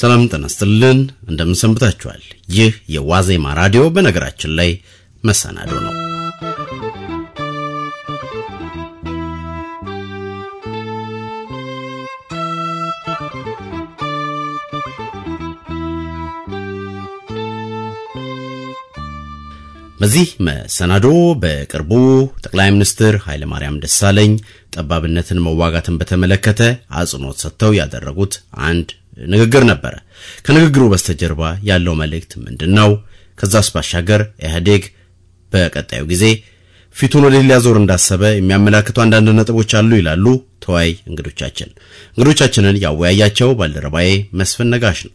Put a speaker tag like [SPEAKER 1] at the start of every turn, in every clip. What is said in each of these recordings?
[SPEAKER 1] ሰላም ተነስተልን እንደምንሰንብታችኋል። ይህ የዋዜማ ራዲዮ በነገራችን ላይ መሰናዶ ነው። በዚህ መሰናዶ በቅርቡ ጠቅላይ ሚኒስትር ኃይለማርያም ደሳለኝ ጠባብነትን መዋጋትን በተመለከተ አጽኖት ሰጥተው ያደረጉት አንድ ንግግር ነበረ። ከንግግሩ በስተጀርባ ያለው መልእክት ምንድን ነው? ከዛስ ባሻገር ኢህአዴግ በቀጣዩ ጊዜ ፊቱን ወደ ሌላ ዞር እንዳሰበ የሚያመላክቱ አንዳንድ ነጥቦች አሉ ይላሉ ተወያይ እንግዶቻችን። እንግዶቻችንን ያወያያቸው ባልደረባዬ መስፍን ነጋሽ ነው።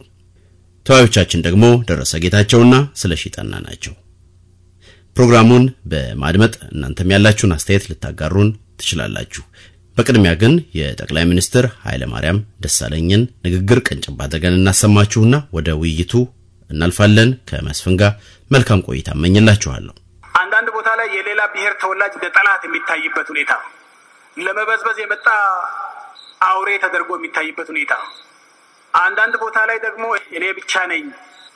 [SPEAKER 1] ተወያዮቻችን ደግሞ ደረሰ ጌታቸውና ስለሺ ጠና ናቸው። ፕሮግራሙን በማድመጥ እናንተም ያላችሁን አስተያየት ልታጋሩን ትችላላችሁ። በቅድሚያ ግን የጠቅላይ ሚኒስትር ኃይለማርያም ደሳለኝን ንግግር ቀንጭባ አድርገን እናሰማችሁና ወደ ውይይቱ እናልፋለን። ከመስፍን ጋር መልካም ቆይታ እመኝላችኋለሁ።
[SPEAKER 2] አንዳንድ ቦታ ላይ የሌላ ብሔር ተወላጅ እንደ ጠላት የሚታይበት ሁኔታ ለመበዝበዝ የመጣ አውሬ ተደርጎ የሚታይበት ሁኔታ፣ አንዳንድ ቦታ ላይ ደግሞ እኔ ብቻ ነኝ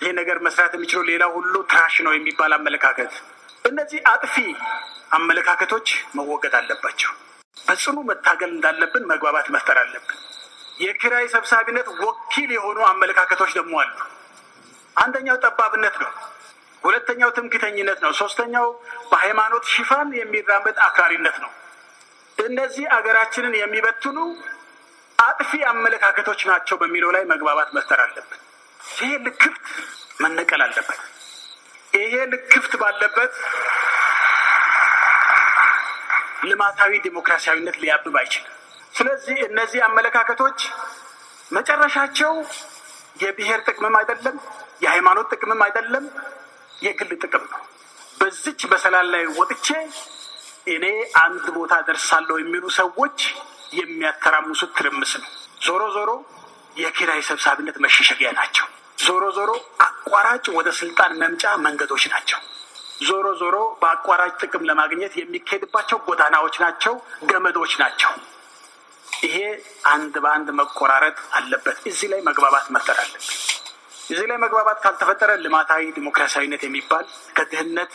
[SPEAKER 2] ይሄ ነገር መስራት የሚችለው ሌላ ሁሉ ትራሽ ነው የሚባል አመለካከት፣ እነዚህ አጥፊ አመለካከቶች መወገድ አለባቸው። በጽኑ መታገል እንዳለብን መግባባት መፍጠር አለብን። የኪራይ ሰብሳቢነት ወኪል የሆኑ አመለካከቶች ደግሞ አሉ። አንደኛው ጠባብነት ነው። ሁለተኛው ትምክተኝነት ነው። ሶስተኛው በሃይማኖት ሽፋን የሚራመድ አክራሪነት ነው። እነዚህ አገራችንን የሚበትኑ አጥፊ አመለካከቶች ናቸው በሚለው ላይ መግባባት መፍጠር አለብን። ይሄ ልክፍት መነቀል አለበት። ይሄ ልክፍት ባለበት ልማታዊ ዴሞክራሲያዊነት ሊያብብ አይችልም። ስለዚህ እነዚህ አመለካከቶች መጨረሻቸው የብሔር ጥቅምም አይደለም፣ የሃይማኖት ጥቅምም አይደለም፣ የግል ጥቅም ነው። በዚች በሰላም ላይ ወጥቼ እኔ አንድ ቦታ ደርሳለሁ የሚሉ ሰዎች የሚያተራምሱት ትርምስ ነው። ዞሮ ዞሮ የኪራይ ሰብሳቢነት መሸሸጊያ ናቸው። ዞሮ ዞሮ አቋራጭ ወደ ስልጣን መምጫ መንገዶች ናቸው። ዞሮ ዞሮ በአቋራጭ ጥቅም ለማግኘት የሚካሄድባቸው ጎዳናዎች ናቸው፣ ገመዶች ናቸው። ይሄ አንድ በአንድ መቆራረጥ አለበት። እዚህ ላይ መግባባት መፍጠር አለበት። እዚህ ላይ መግባባት ካልተፈጠረ ልማታዊ ዲሞክራሲያዊነት የሚባል ከድህነት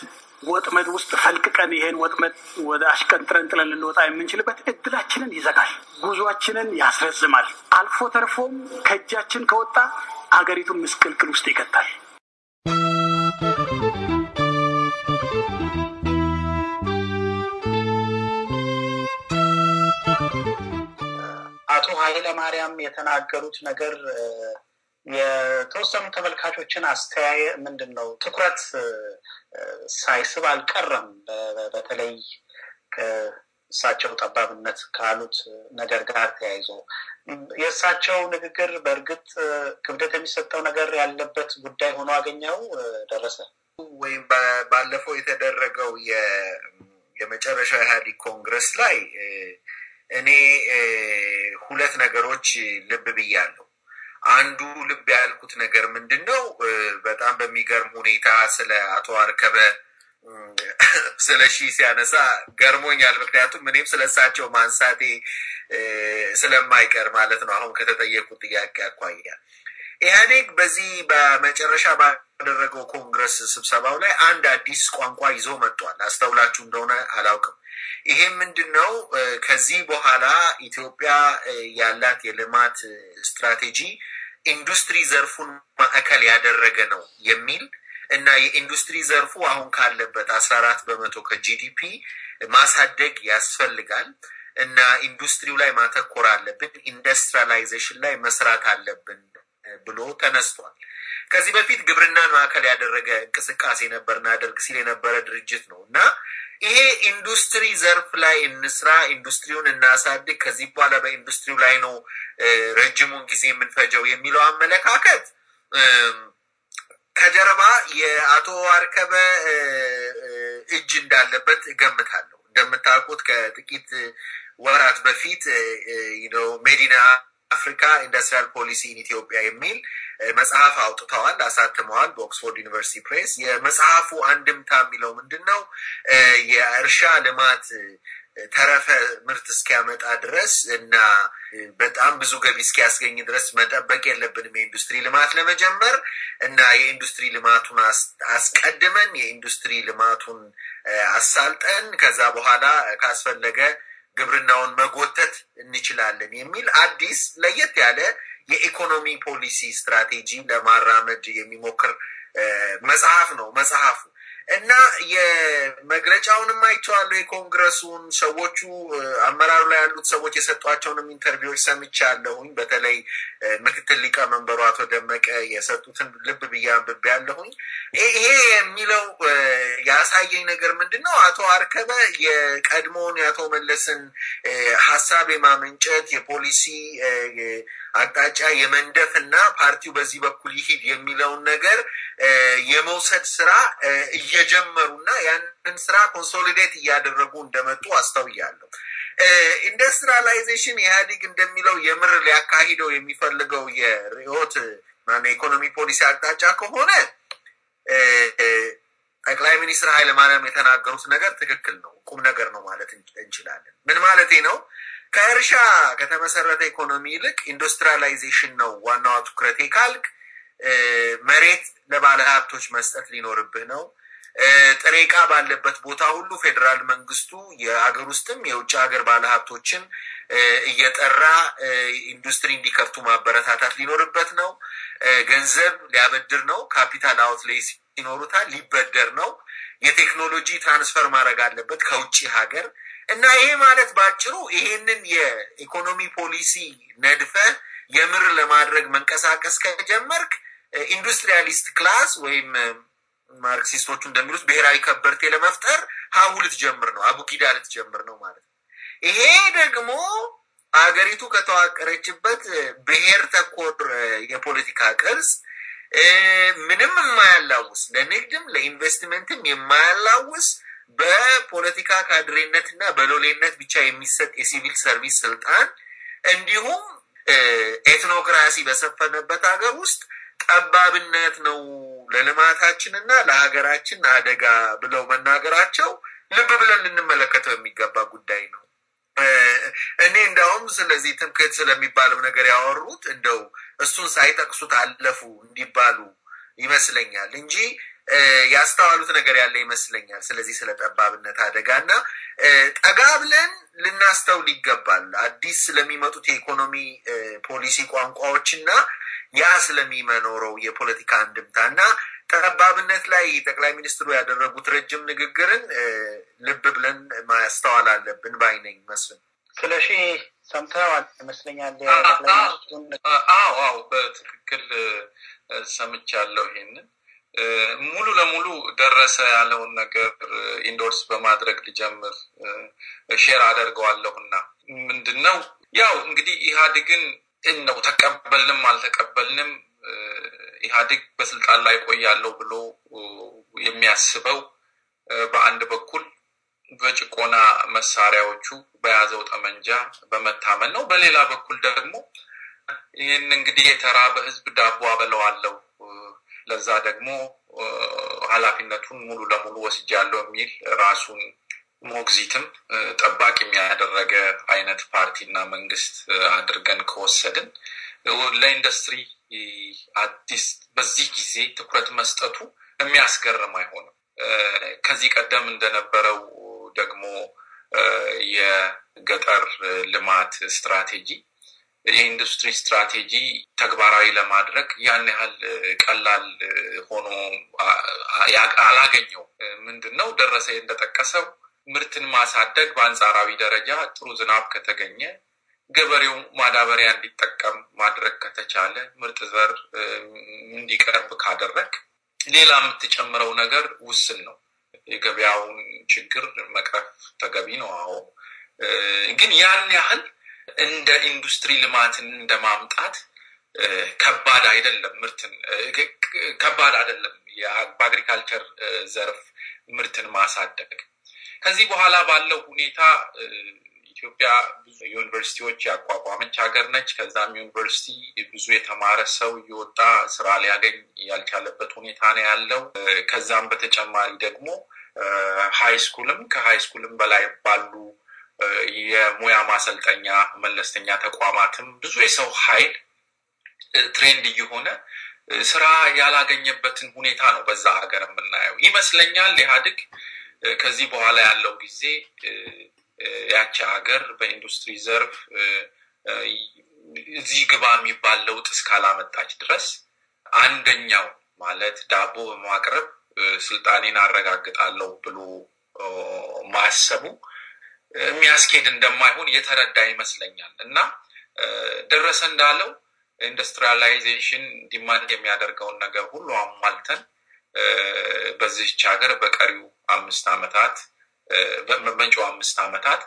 [SPEAKER 2] ወጥመድ ውስጥ ፈልቅቀን ይሄን ወጥመድ ወደ አሽቀንጥረን ጥለን ልንወጣ የምንችልበት እድላችንን ይዘጋል፣ ጉዟችንን ያስረዝማል። አልፎ ተርፎም ከእጃችን ከወጣ አገሪቱን ምስቅልቅል ውስጥ ይከታል።
[SPEAKER 3] ማርያም የተናገሩት ነገር የተወሰኑ ተመልካቾችን አስተያየ ምንድን ነው ትኩረት ሳይስብ አልቀረም። በተለይ ከእሳቸው ጠባብነት ካሉት ነገር ጋር ተያይዞ የእሳቸው ንግግር በእርግጥ ክብደት የሚሰጠው ነገር ያለበት ጉዳይ ሆኖ አገኘው ደረሰ ወይም ባለፈው የተደረገው
[SPEAKER 4] የመጨረሻ ኢህአዴግ ኮንግረስ ላይ እኔ ሁለት ነገሮች ልብ ብያለሁ። አንዱ ልብ ያልኩት ነገር ምንድን ነው? በጣም በሚገርም ሁኔታ ስለ አቶ አርከበ ስለ ሺ ሲያነሳ ገርሞኛል። ምክንያቱም እኔም ስለ እሳቸው ማንሳቴ ስለማይቀር ማለት ነው። አሁን ከተጠየቁት ጥያቄ አኳያ ኢህአዴግ በዚህ በመጨረሻ ባደረገው ኮንግረስ ስብሰባው ላይ አንድ አዲስ ቋንቋ ይዞ መጥቷል። አስተውላችሁ እንደሆነ አላውቅም። ይሄ ምንድን ነው? ከዚህ በኋላ ኢትዮጵያ ያላት የልማት ስትራቴጂ ኢንዱስትሪ ዘርፉን ማዕከል ያደረገ ነው የሚል እና የኢንዱስትሪ ዘርፉ አሁን ካለበት አስራ አራት በመቶ ከጂዲፒ ማሳደግ ያስፈልጋል እና ኢንዱስትሪው ላይ ማተኮር አለብን፣ ኢንዱስትሪላይዜሽን ላይ መስራት አለብን ብሎ ተነስቷል። ከዚህ በፊት ግብርናን ማዕከል ያደረገ እንቅስቃሴ ነበር እናደርግ ሲል የነበረ ድርጅት ነው እና ይሄ ኢንዱስትሪ ዘርፍ ላይ እንስራ፣ ኢንዱስትሪውን እናሳድግ፣ ከዚህ በኋላ በኢንዱስትሪው ላይ ነው ረጅሙን ጊዜ የምንፈጀው የሚለው አመለካከት ከጀርባ የአቶ አርከበ እጅ እንዳለበት እገምታለሁ። እንደምታውቁት ከጥቂት ወራት በፊት ሜዲና አፍሪካ ኢንዱስትሪያል ፖሊሲ ኢን ኢትዮጵያ የሚል መጽሐፍ አውጥተዋል፣ አሳትመዋል በኦክስፎርድ ዩኒቨርሲቲ ፕሬስ። የመጽሐፉ አንድምታ የሚለው ምንድን ነው? የእርሻ ልማት ተረፈ ምርት እስኪያመጣ ድረስ እና በጣም ብዙ ገቢ እስኪያስገኝ ድረስ መጠበቅ የለብንም የኢንዱስትሪ ልማት ለመጀመር እና የኢንዱስትሪ ልማቱን አስቀድመን የኢንዱስትሪ ልማቱን አሳልጠን ከዛ በኋላ ካስፈለገ ግብርናውን መጎተት እንችላለን የሚል አዲስ ለየት ያለ የኢኮኖሚ ፖሊሲ ስትራቴጂ ለማራመድ የሚሞክር መጽሐፍ ነው መጽሐፉ እና የመግለጫውንም አይቼዋለሁ። የኮንግረሱን ሰዎቹ አመራሩ ላይ ያሉት ሰዎች የሰጧቸውንም ኢንተርቪዎች ሰምቻለሁኝ። በተለይ ምክትል ሊቀመንበሩ አቶ ደመቀ የሰጡትን ልብ ብብ ያለሁኝ ይሄ የሚለው የሚያሳየኝ ነገር ምንድን ነው? አቶ አርከበ የቀድሞውን የአቶ መለስን ሀሳብ የማመንጨት የፖሊሲ አቅጣጫ የመንደፍ እና ፓርቲው በዚህ በኩል ይሂድ የሚለውን ነገር የመውሰድ ስራ እየጀመሩ እና ያንን ስራ ኮንሶሊዴት እያደረጉ እንደመጡ አስተውያለሁ። ኢንዱስትሪላይዜሽን ኢህአዲግ እንደሚለው የምር ሊያካሂደው የሚፈልገው የርዕዮት ኢኮኖሚ ፖሊሲ አቅጣጫ ከሆነ ጠቅላይ ሚኒስትር ኃይለማርያም የተናገሩት ነገር ትክክል ነው፣ ቁም ነገር ነው ማለት እንችላለን። ምን ማለት ነው? ከእርሻ ከተመሰረተ ኢኮኖሚ ይልቅ ኢንዱስትሪያላይዜሽን ነው ዋናዋ ትኩረቴ ካልክ መሬት ለባለ ሀብቶች መስጠት ሊኖርብህ ነው። ጥሬ ዕቃ ባለበት ቦታ ሁሉ ፌዴራል መንግስቱ የሀገር ውስጥም የውጭ ሀገር ባለሀብቶችን እየጠራ ኢንዱስትሪ እንዲከፍቱ ማበረታታት ሊኖርበት ነው። ገንዘብ ሊያበድር ነው። ካፒታል አውትሌይ ይኖሩታል። ሊበደር ነው። የቴክኖሎጂ ትራንስፈር ማድረግ አለበት ከውጭ ሀገር እና ይሄ ማለት በአጭሩ ይሄንን የኢኮኖሚ ፖሊሲ ነድፈ የምር ለማድረግ መንቀሳቀስ ከጀመርክ ኢንዱስትሪያሊስት ክላስ ወይም ማርክሲስቶቹ እንደሚሉት ብሔራዊ ከበርቴ ለመፍጠር ሀቡ ልትጀምር ነው፣ አቡጊዳ ልትጀምር ነው ማለት ነው። ይሄ ደግሞ አገሪቱ ከተዋቀረችበት ብሔር ተኮር የፖለቲካ ቅርጽ ምንም የማያላውስ ለንግድም ለኢንቨስትመንትም የማያላውስ በፖለቲካ ካድሬነት እና በሎሌነት ብቻ የሚሰጥ የሲቪል ሰርቪስ ስልጣን እንዲሁም ኤትኖክራሲ በሰፈነበት ሀገር ውስጥ ጠባብነት ነው ለልማታችን እና ለሀገራችን አደጋ ብለው መናገራቸው ልብ ብለን ልንመለከተው የሚገባ ጉዳይ ነው። እኔ እንዳውም ስለዚህ ትምክት ስለሚባለው ነገር ያወሩት እንደው እሱን ሳይጠቅሱት አለፉ እንዲባሉ ይመስለኛል እንጂ ያስተዋሉት ነገር ያለ ይመስለኛል። ስለዚህ ስለ ጠባብነት አደጋ እና ጠጋ ብለን ልናስተውል ይገባል። አዲስ ስለሚመጡት የኢኮኖሚ ፖሊሲ ቋንቋዎች እና ያ ስለሚመኖረው የፖለቲካ እንድምታ እና ጠባብነት ላይ ጠቅላይ ሚኒስትሩ ያደረጉት ረጅም ንግግርን ልብ ብለን
[SPEAKER 5] ማስተዋል አለብን ባይነኝ ነኝ። መስፍን ስለሺ ሰምተዋል ይመስለኛል። በትክክል ሰምቻለሁ። ይሄንን ሙሉ ለሙሉ ደረሰ ያለውን ነገር ኢንዶርስ በማድረግ ልጀምር ሼር አደርገዋለሁና ምንድን ነው ያው እንግዲህ ኢህአዴግን ነው ተቀበልንም አልተቀበልንም ኢህአዴግ በስልጣን ላይ ቆያለሁ ብሎ የሚያስበው በአንድ በኩል በጭቆና መሳሪያዎቹ በያዘው ጠመንጃ በመታመን ነው። በሌላ በኩል ደግሞ ይህን እንግዲህ የተራበ ህዝብ ዳቦ አበለዋለሁ፣ ለዛ ደግሞ ኃላፊነቱን ሙሉ ለሙሉ ወስጃለሁ የሚል ራሱን ሞግዚትም ጠባቂም ያደረገ አይነት ፓርቲና መንግስት አድርገን ከወሰድን ለኢንዱስትሪ አዲስ በዚህ ጊዜ ትኩረት መስጠቱ የሚያስገርም አይሆንም። ከዚህ ቀደም እንደነበረው ደግሞ የገጠር ልማት ስትራቴጂ የኢንዱስትሪ ስትራቴጂ ተግባራዊ ለማድረግ ያን ያህል ቀላል ሆኖ አላገኘው። ምንድን ነው ደረሰ እንደጠቀሰው ምርትን ማሳደግ በአንጻራዊ ደረጃ ጥሩ ዝናብ ከተገኘ ገበሬው ማዳበሪያ እንዲጠቀም ማድረግ ከተቻለ ምርጥ ዘር እንዲቀርብ ካደረግ ሌላ የምትጨምረው ነገር ውስን ነው። የገበያውን ችግር መቅረፍ ተገቢ ነው። አዎ፣ ግን ያን ያህል እንደ ኢንዱስትሪ ልማትን እንደማምጣት ከባድ አይደለም። ምርትን ከባድ አይደለም። በአግሪካልቸር ዘርፍ ምርትን ማሳደግ ከዚህ በኋላ ባለው ሁኔታ ኢትዮጵያ ብዙ ዩኒቨርሲቲዎች ያቋቋመች ሀገር ነች። ከዛም ዩኒቨርሲቲ ብዙ የተማረ ሰው እየወጣ ስራ ሊያገኝ ያልቻለበት ሁኔታ ነው ያለው። ከዛም በተጨማሪ ደግሞ ሀይ ስኩልም ከሀይ ስኩልም በላይ ባሉ የሙያ ማሰልጠኛ መለስተኛ ተቋማትም ብዙ የሰው ሀይል ትሬንድ እየሆነ ስራ ያላገኘበትን ሁኔታ ነው በዛ ሀገር የምናየው ይመስለኛል። ኢህአዴግ ከዚህ በኋላ ያለው ጊዜ ያቺ ሀገር በኢንዱስትሪ ዘርፍ እዚህ ግባ የሚባል ለውጥ እስካላመጣች ድረስ አንደኛው ማለት ዳቦ በማቅረብ ስልጣኔን አረጋግጣለሁ ብሎ ማሰቡ የሚያስኬድ እንደማይሆን የተረዳ ይመስለኛል እና ደረሰ እንዳለው ኢንዱስትሪላይዜሽን ዲማንድ የሚያደርገውን ነገር ሁሉ አሟልተን በዚህች ሀገር በቀሪው አምስት ዓመታት በመጪው አምስት ዓመታት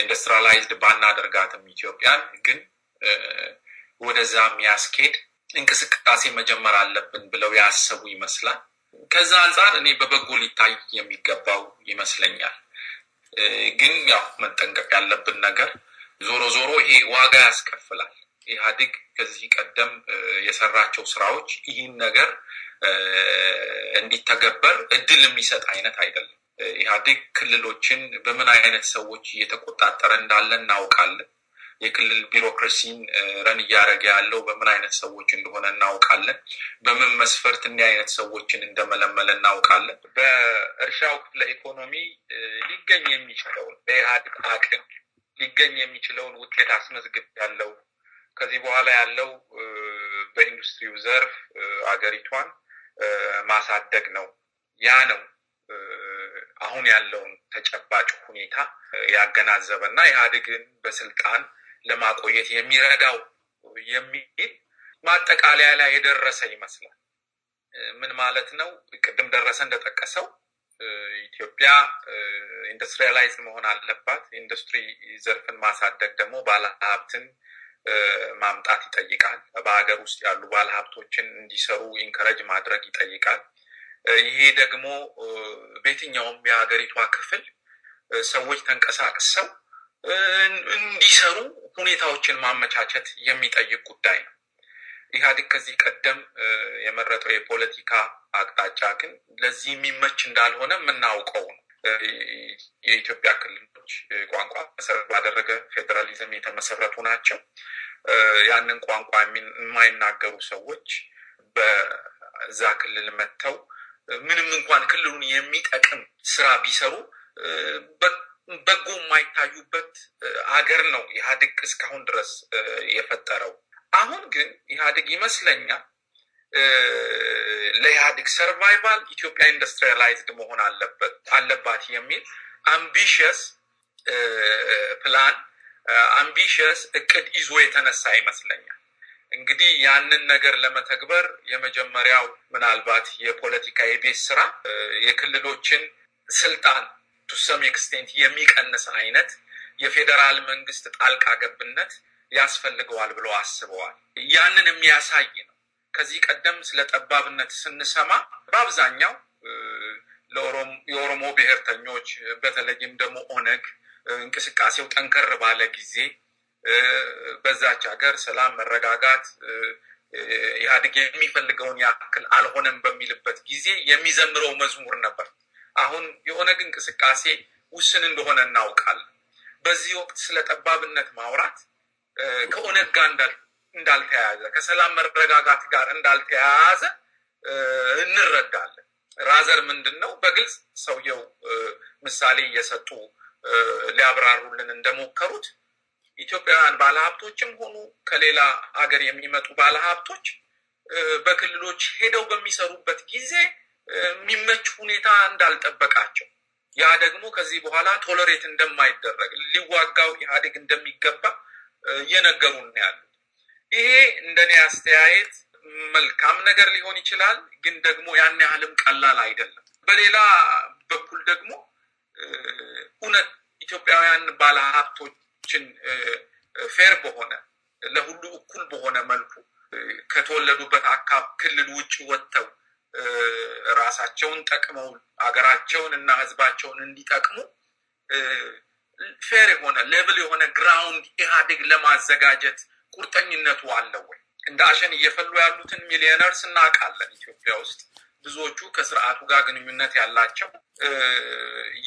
[SPEAKER 5] ኢንዱስትሪላይዝድ ባናደርጋትም ኢትዮጵያን ግን ወደዛ የሚያስኬድ እንቅስቃሴ መጀመር አለብን ብለው ያሰቡ ይመስላል። ከዛ አንጻር እኔ በበጎ ሊታይ የሚገባው ይመስለኛል። ግን ያው መጠንቀቅ ያለብን ነገር ዞሮ ዞሮ ይሄ ዋጋ ያስከፍላል። ኢህአዲግ ከዚህ ቀደም የሰራቸው ስራዎች ይህን ነገር እንዲተገበር እድል የሚሰጥ አይነት አይደለም። ኢህአዴግ ክልሎችን በምን አይነት ሰዎች እየተቆጣጠረ እንዳለ እናውቃለን። የክልል ቢሮክራሲን ረን እያደረገ ያለው በምን አይነት ሰዎች እንደሆነ እናውቃለን። በምን መስፈርት እንዲህ አይነት ሰዎችን እንደመለመለ እናውቃለን። በእርሻው ክፍለ ኢኮኖሚ ሊገኝ የሚችለውን በኢህአዴግ አቅም ሊገኝ የሚችለውን ውጤት አስመዝግብ ያለው ከዚህ በኋላ ያለው በኢንዱስትሪው ዘርፍ አገሪቷን ማሳደግ ነው። ያ ነው አሁን ያለውን ተጨባጭ ሁኔታ ያገናዘበ እና ኢህአዴግን በስልጣን ለማቆየት የሚረዳው የሚል ማጠቃለያ ላይ የደረሰ ይመስላል። ምን ማለት ነው? ቅድም ደረሰ እንደጠቀሰው ኢትዮጵያ ኢንዱስትሪያላይዝ መሆን አለባት። ኢንዱስትሪ ዘርፍን ማሳደግ ደግሞ ባለሀብትን ማምጣት ይጠይቃል። በሀገር ውስጥ ያሉ ባለሀብቶችን እንዲሰሩ ኢንከረጅ ማድረግ ይጠይቃል። ይሄ ደግሞ በየትኛውም የሀገሪቷ ክፍል ሰዎች ተንቀሳቅሰው እንዲሰሩ ሁኔታዎችን ማመቻቸት የሚጠይቅ ጉዳይ ነው። ኢህአዴግ ከዚህ ቀደም የመረጠው የፖለቲካ አቅጣጫ ግን ለዚህ የሚመች እንዳልሆነ የምናውቀው ነው። የኢትዮጵያ ክልሎች ቋንቋ መሰረት ባደረገ ፌዴራሊዝም የተመሰረቱ ናቸው። ያንን ቋንቋ የማይናገሩ ሰዎች በዛ ክልል መጥተው ምንም እንኳን ክልሉን የሚጠቅም ስራ ቢሰሩ በጎ የማይታዩበት አገር ነው ኢህአዴግ እስካሁን ድረስ የፈጠረው። አሁን ግን ኢህአዴግ ይመስለኛል ለኢህአዴግ ሰርቫይቫል ኢትዮጵያ ኢንዱስትሪላይዝድ መሆን አለበት አለባት የሚል አምቢሽየስ ፕላን አምቢሽየስ እቅድ ይዞ የተነሳ ይመስለኛል። እንግዲህ ያንን ነገር ለመተግበር የመጀመሪያው ምናልባት የፖለቲካ የቤት ስራ የክልሎችን ስልጣን ቱሰም ኤክስቴንት የሚቀንስ አይነት የፌዴራል መንግስት ጣልቃ ገብነት ያስፈልገዋል ብለው አስበዋል። ያንን የሚያሳይ ነው። ከዚህ ቀደም ስለ ጠባብነት ስንሰማ በአብዛኛው የኦሮሞ ብሔርተኞች በተለይም ደግሞ ኦነግ እንቅስቃሴው ጠንከር ባለ ጊዜ በዛች ሀገር ሰላም፣ መረጋጋት ኢህአዴግ የሚፈልገውን ያክል አልሆነም በሚልበት ጊዜ የሚዘምረው መዝሙር ነበር። አሁን የኦነግ እንቅስቃሴ ውስን እንደሆነ እናውቃለን። በዚህ ወቅት ስለ ጠባብነት ማውራት ከኦነግ ጋር እንዳልተያያዘ፣ ከሰላም መረጋጋት ጋር እንዳልተያያዘ እንረዳለን። ራዘር ምንድን ነው በግልጽ ሰውየው ምሳሌ እየሰጡ ሊያብራሩልን እንደሞከሩት ኢትዮጵያውያን ባለሀብቶችም ሆኑ ከሌላ ሀገር የሚመጡ ባለሀብቶች በክልሎች ሄደው በሚሰሩበት ጊዜ የሚመች ሁኔታ እንዳልጠበቃቸው ያ ደግሞ ከዚህ በኋላ ቶለሬት እንደማይደረግ ሊዋጋው ኢህአዴግ እንደሚገባ እየነገሩን ያሉት። ይሄ እንደኔ አስተያየት መልካም ነገር ሊሆን ይችላል፣ ግን ደግሞ ያን ያህልም ቀላል አይደለም። በሌላ በኩል ደግሞ እውነት ኢትዮጵያውያን ባለሀብቶች ልጆችን ፌር በሆነ ለሁሉ እኩል በሆነ መልኩ ከተወለዱበት አካብ ክልል ውጭ ወጥተው ራሳቸውን ጠቅመው አገራቸውን እና ህዝባቸውን እንዲጠቅሙ ፌር የሆነ ሌብል የሆነ ግራውንድ ኢህአዴግ ለማዘጋጀት ቁርጠኝነቱ አለ ወይ? እንደ አሸን እየፈሉ ያሉትን ሚሊዮነርስ እናውቃለን። ኢትዮጵያ ውስጥ ብዙዎቹ ከስርዓቱ ጋር ግንኙነት ያላቸው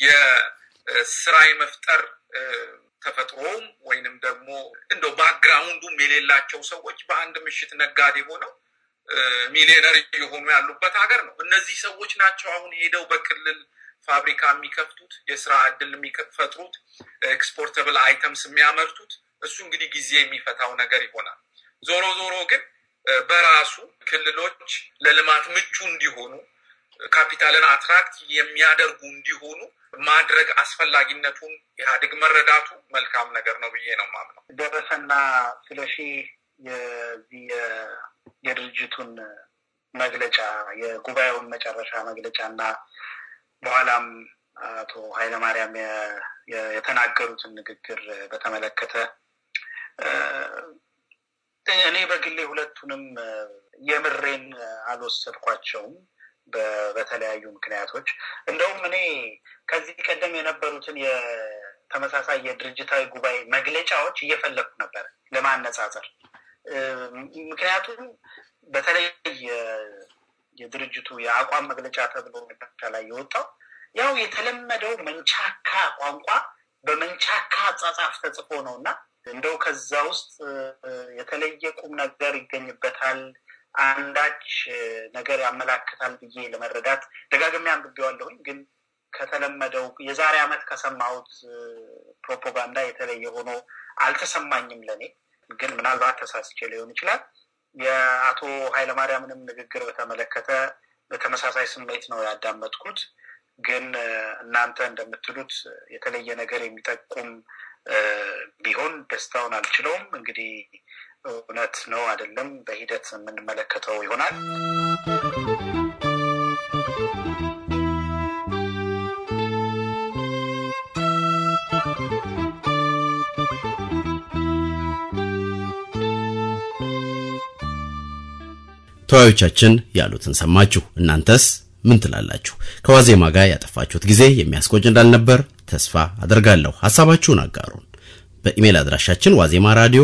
[SPEAKER 5] የስራ የመፍጠር ተፈጥሮውም ወይንም ደግሞ እንደው ባክግራውንዱም የሌላቸው ሰዎች በአንድ ምሽት ነጋዴ ሆነው ሚሊዮነር የሆኑ ያሉበት ሀገር ነው። እነዚህ ሰዎች ናቸው አሁን ሄደው በክልል ፋብሪካ የሚከፍቱት የስራ እድል የሚፈጥሩት ኤክስፖርተብል አይተምስ የሚያመርቱት። እሱ እንግዲህ ጊዜ የሚፈታው ነገር ይሆናል። ዞሮ ዞሮ ግን በራሱ ክልሎች ለልማት ምቹ እንዲሆኑ ካፒታልን አትራክት የሚያደርጉ እንዲሆኑ ማድረግ አስፈላጊነቱን ኢህአዴግ መረዳቱ መልካም ነገር ነው ብዬ ነው ማምነው።
[SPEAKER 3] ደረሰና ስለሺ የዚህ የድርጅቱን መግለጫ የጉባኤውን መጨረሻ መግለጫ እና በኋላም አቶ ኃይለማርያም የተናገሩትን ንግግር በተመለከተ እኔ በግሌ ሁለቱንም የምሬን አልወሰድኳቸውም። በተለያዩ ምክንያቶች እንደውም እኔ ከዚህ ቀደም የነበሩትን የተመሳሳይ የድርጅታዊ ጉባኤ መግለጫዎች እየፈለግኩ ነበር ለማነጻጸር። ምክንያቱም በተለይ የድርጅቱ የአቋም መግለጫ ተብሎ ላይ የወጣው ያው የተለመደው መንቻካ ቋንቋ በመንቻካ አጻጻፍ ተጽፎ ነው እና እንደው ከዛ ውስጥ የተለየ ቁም ነገር ይገኝበታል አንዳች ነገር ያመላክታል ብዬ ለመረዳት ደጋግሜ አንብቤዋለሁኝ። ግን ከተለመደው የዛሬ አመት ከሰማሁት ፕሮፓጋንዳ የተለየ ሆኖ አልተሰማኝም። ለእኔ ግን ምናልባት ተሳስቼ ሊሆን ይችላል። የአቶ ኃይለማርያምንም ንግግር በተመለከተ በተመሳሳይ ስሜት ነው ያዳመጥኩት። ግን እናንተ እንደምትሉት የተለየ ነገር የሚጠቁም ቢሆን ደስታውን አልችለውም እንግዲህ እውነት ነው አይደለም፣ በሂደት የምንመለከተው ይሆናል።
[SPEAKER 1] ተወያዮቻችን ያሉትን ሰማችሁ። እናንተስ ምን ትላላችሁ? ከዋዜማ ጋር ያጠፋችሁት ጊዜ የሚያስቆጭ እንዳልነበር ተስፋ አድርጋለሁ። ሐሳባችሁን አጋሩን። በኢሜል አድራሻችን ዋዜማ ራዲዮ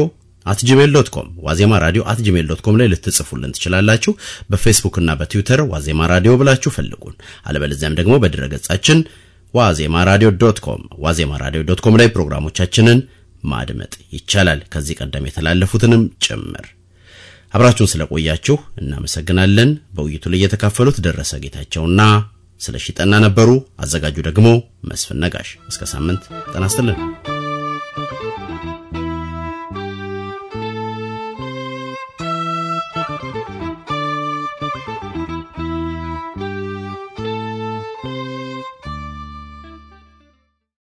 [SPEAKER 1] አት ጂሜል ዶት ኮም ዋዜማ ራዲዮ አት ጂሜል ዶት ኮም ላይ ልትጽፉልን ትችላላችሁ። በፌስቡክ እና በትዊተር ዋዜማ ራዲዮ ብላችሁ ፈልጉን። አለበለዚያም ደግሞ በድረገጻችን ዋዜማ ራዲዮ ዶት ኮም ዋዜማ ራዲዮ ዶት ኮም ላይ ፕሮግራሞቻችንን ማድመጥ ይቻላል፣ ከዚህ ቀደም የተላለፉትንም ጭምር። አብራችሁን ስለቆያችሁ እናመሰግናለን። በውይይቱ ላይ የተካፈሉት ደረሰ ጌታቸውና ስለሺ ጠና ነበሩ። አዘጋጁ ደግሞ መስፍን ነጋሽ። እስከ ሳምንት ጤና ይስጥልን።